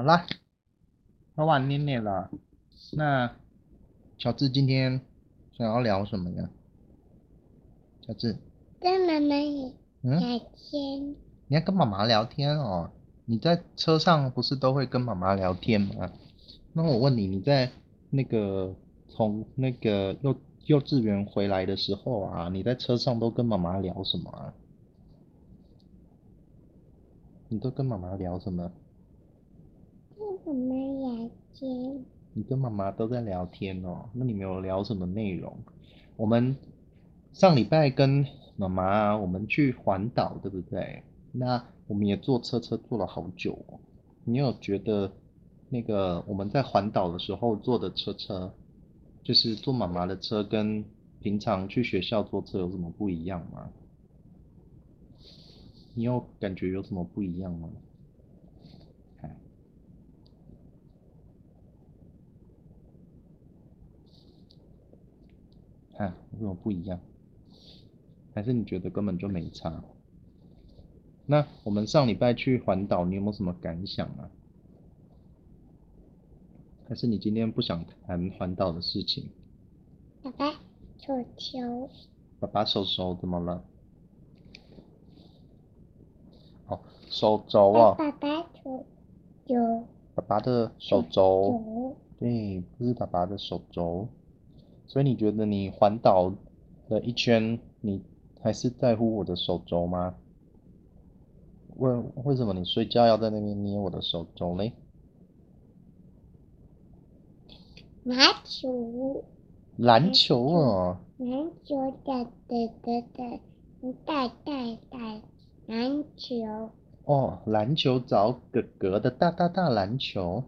好了，喝完捏捏了，那喬治今天想要聊什麼呀？喬治跟媽媽聊天、嗯。你要跟媽媽聊天哦？你在車上不是都會跟媽媽聊天嗎？那我問你，你在那個從那個幼幼稚園回來的時候啊，你在車上都跟媽媽聊什麼？啊？你都跟媽媽聊什麼？我們聊天。你跟媽媽都在聊天哦，那你沒有聊什麼內容？我們上禮拜跟媽媽我們去環島，對不對？那我們也坐車車坐了好久哦。你有覺得那個我們在環島的時候坐的車車，就是坐媽媽的車，跟平常去學校坐車有什麼不一樣嗎？你有感覺有什麼不一樣嗎？啊，為什麼不一樣？還是你覺得根本就沒差？那我們上禮拜去環島，你有沒有什麼感想啊？還是你今天不想談環島的事情？爸爸手球。爸爸手手怎麼了？哦，手肘啊、哦。爸爸手球。爸爸的手肘。對，不是爸爸的手肘。所以你覺得你環島的一圈，你還是在乎我的手肘嗎？問，為什麼你睡覺要在那邊捏我的手肘呢？籃球。籃球啊。籃球找哥哥的大大大籃球。哦，籃球找哥哥的大大大籃球。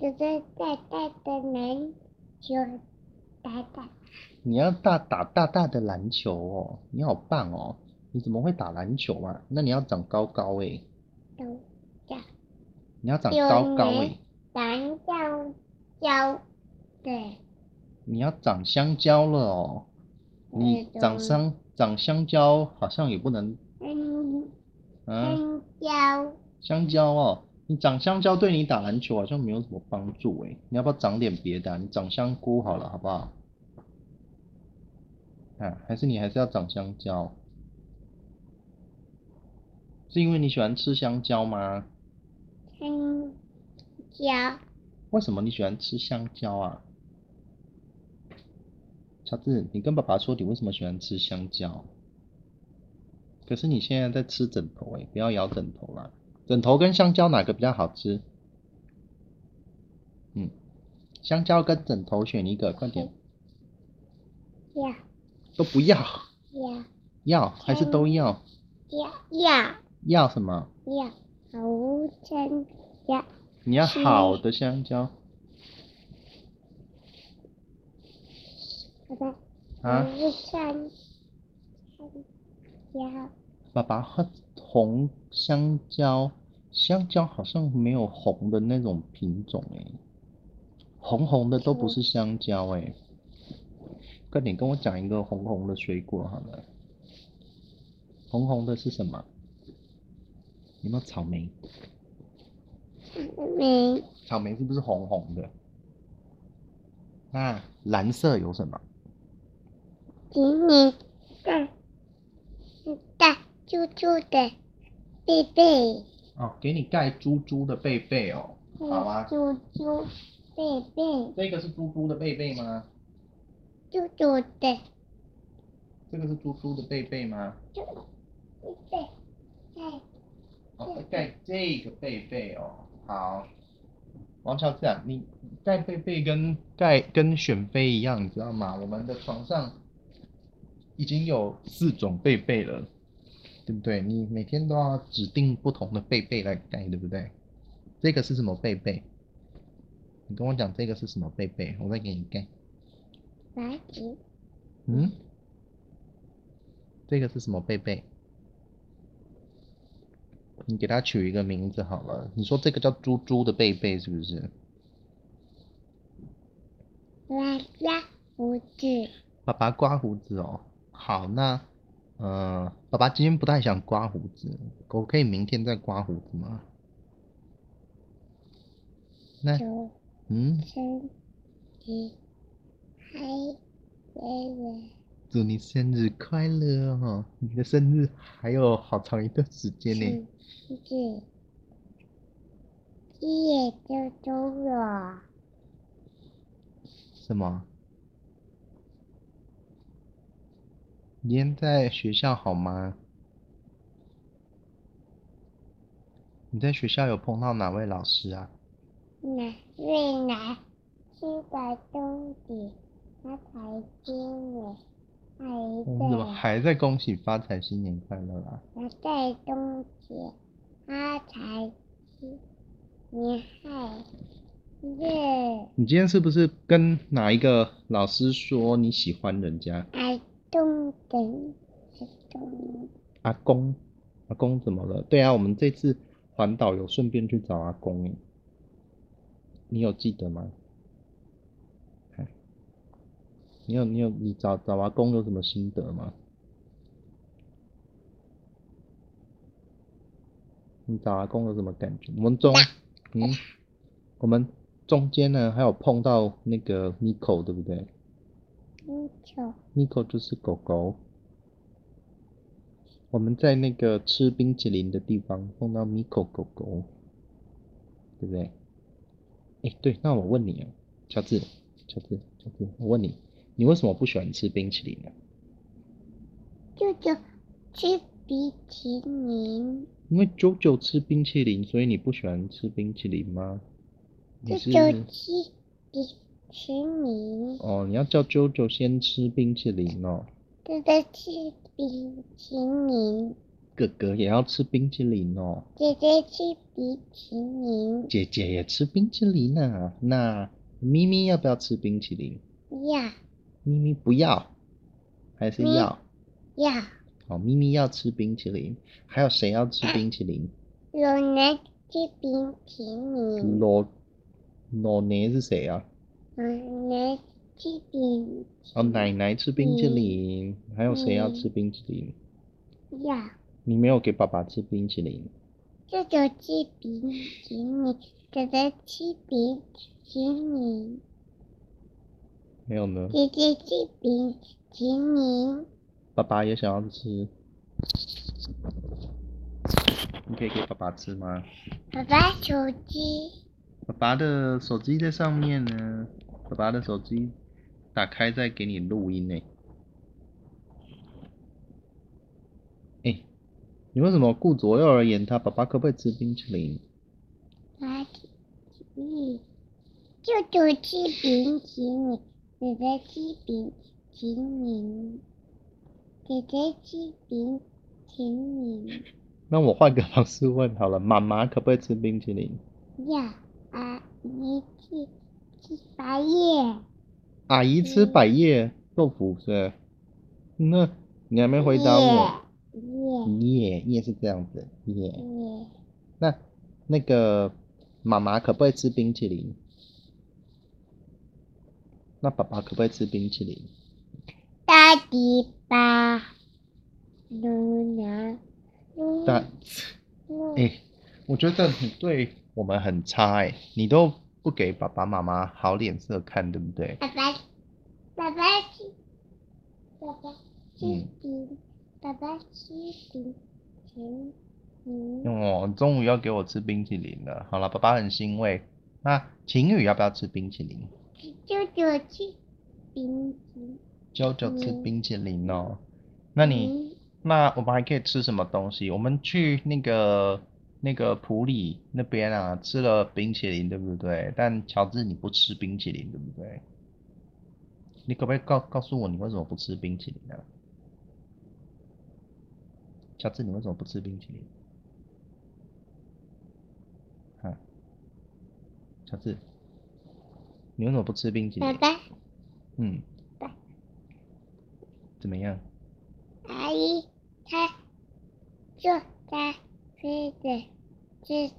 哥哥大大的籃球。打打你要大打大大的籃球哦，你好棒哦，你怎麼會打籃球啊？那你要長高高哎、欸，高你要長高高哎、欸，長香蕉蕉對。你要長香蕉了哦，你長香長香蕉好像也不能。嗯。香蕉。啊、香蕉哦。你長香蕉對你打籃球好像沒有什麼幫助哎，你要不要長點別的，啊？你長香菇好了，好不好？啊，還是你還是要長香蕉？是因為你喜歡吃香蕉嗎？香蕉。為什麼你喜歡吃香蕉啊？喬治，你跟爸爸說你為什麼喜歡吃香蕉？可是你現在在吃枕頭哎，不要咬枕頭啦。枕頭跟香蕉哪個比較好吃？嗯，香蕉跟枕頭選一個，快點。要、yeah.。都不要。Yeah. 要。要還是都要？要要。要什麼？要好香蕉。你要好的香蕉。好的。啊？香蕉。爸爸喝。紅香蕉，香蕉好像沒有紅的那種品種哎、欸，紅紅的都不是香蕉哎、欸。快、嗯、點跟我講一個紅紅的水果好了，紅紅的是什麼？有沒有草莓？草莓。草莓是不是紅紅的？那、啊、藍色有什麼？檸檬，大，大，皺皺的。貝貝哦，給你蓋豬豬的貝貝哦，好啊。豬豬貝貝，這個是豬豬的貝貝嗎？豬豬的，這個是豬豬的貝貝嗎？豬豬貝貝。蓋蓋蓋這個貝貝哦，好。王喬治啊，你蓋貝貝跟蓋跟選妃一樣，你知道嗎？我們的床上已經有四種貝貝了。對不對？你每天都要指定不同的被被來蓋，對不對？這個是什麼被被？你跟我講這個是什麼被被，我再給你蓋。白紙。嗯？這個是什麼被被？你給他取一個名字好了。你說這個叫豬豬的被被是不是？爸爸刮鬍子。爸爸刮鬍子哦，好那。嗯、呃，爸爸今天不太想刮鬍子，我可以明天再刮鬍子嗎？那，嗯，祝你生日快樂！祝你生日快樂哦，你的生日還有好長一段時間呢。生日，畢業就中了？什麼？今天在學校好嗎？你在學校有碰到哪位老師啊？哪位來？新的東西，發財經年還、哎、我怎麼還在恭喜發財，新年快樂啊？新的東西，發財新，年快樂。你今天是不是跟哪一個老師說你喜歡人家？哎嗯嗯、阿公，阿公怎麼了？對啊，我們這次環島有順便去找阿公，你有記得嗎？你有你有你找找阿公有什麼心得嗎？你找阿公有什麼感覺？我們中，嗯，我們中間呢還有碰到那個 Nico, 對不對？Nico、嗯、Nico 就是狗狗。我們在那個吃冰淇淋的地方碰到米可狗狗，對不對？哎、欸，對，那我問你啊，喬治，喬治，喬治，我問你，你為什麼不喜歡吃冰淇淋啊？舅舅吃冰淇淋。因為舅舅吃冰淇淋，所以你不喜歡吃冰淇淋嗎？舅舅吃冰淇淋。哦，你要叫舅舅先吃冰淇淋哦。舅舅吃。冰淇淋，哥哥也要吃冰淇淋哦、喔。姐姐吃冰淇淋，姐姐也吃冰淇淋呢、啊。那咪咪要不要吃冰淇淋？要。咪咪不要，還是要？要。好、哦，咪咪要吃冰淇淋。還有誰要吃冰淇淋？老、啊、奶吃冰淇淋。老老奶是誰啊？老奶。吃冰，哦，奶奶吃冰淇淋，還有誰要吃冰淇淋？嗯，要。你沒有給爸爸吃冰淇淋。舅舅吃冰淇淋，姐姐吃冰淇淋。沒有呢。姐姐吃冰淇淋。爸爸也想要吃，你可以給爸爸吃嗎？爸爸手機。爸爸的手機在上面呢，爸爸的手機。打開再給你錄音哎！你、欸、為什麼顧左右而言他？爸爸可不可以吃冰淇淋？爸爸，舅舅吃冰淇淋，姐姐吃冰淇淋，姐姐吃冰淇淋。那我換個方式問好了，媽媽可不可以吃冰淇淋？要啊，你去吃茶葉。阿姨吃百葉豆、嗯、腐是？那、嗯，你還沒回答我。耶耶是這樣子。耶，耶那，那個媽媽可不可以吃冰淇淋？那爸爸可不可以吃冰淇淋？大 a 巴大。哎、欸，我覺得你對我們很差哎、欸，你都。不給爸爸媽媽好臉色看，對不對？爸爸，爸爸吃，爸爸吃冰，嗯，爸爸吃冰淇淋，哦，中午要給我吃冰淇淋了，好了，爸爸很欣慰。那晴雨要不要吃冰淇淋？舅舅吃冰淇淋，舅舅吃冰淇淋哦，那你，嗯，那我們還可以吃什麼東西？我們去那個那個普里那邊啊，吃了冰淇淋，對不對？但喬治你不吃冰淇淋，對不對？你可不可以告告訴我，你為什麼不吃冰淇淋呢？啊？喬治、治，你為什麼不吃冰淇淋？啊，喬治，你為什麼不吃冰淇淋？爸爸。嗯。爸。怎麼樣？阿姨，她坐在飛機。車、就、車、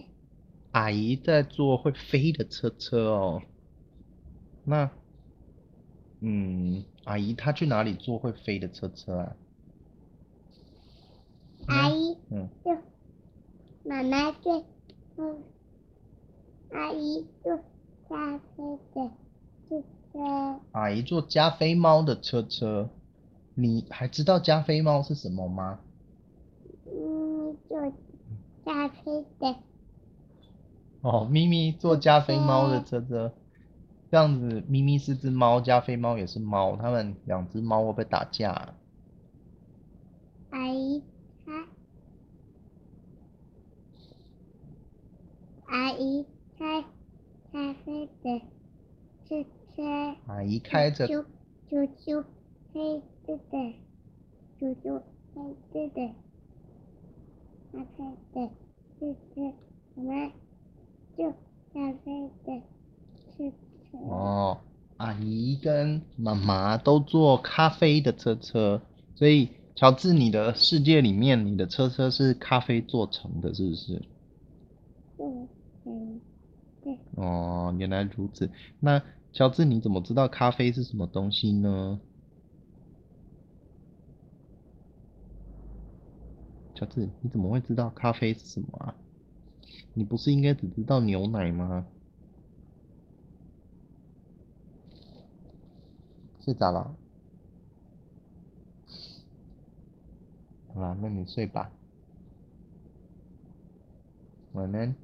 是，阿姨在坐會飛的車車哦。那，嗯，阿姨她去哪裡坐會飛的車車啊？阿姨，嗯媽媽，媽媽坐，阿姨坐加菲的車車。阿姨坐加菲貓的車車，你還知道加菲貓是什麼嗎？嗯，就。加菲的哦，咪咪坐加菲貓的車車，這樣子，咪咪是隻貓，加菲貓也是貓，它們兩隻貓會不會打架啊？阿姨開，阿姨開加菲的汽車，阿姨開着，啾啾啾，飛弟弟，啾啾飛弟弟。咖啡的車車，我們就咖啡的車車。哦，阿姨跟媽媽都坐咖啡的車車，所以喬治，你的世界裡面，你的車車是咖啡做成的，是不是？嗯嗯嗯。哦，原來如此。那喬治，你怎麼知道咖啡是什麼東西呢？小智，你怎麼會知道咖啡是什麼啊？你不是應該只知道牛奶嗎？睡着了？好吧，那你睡吧。晚安。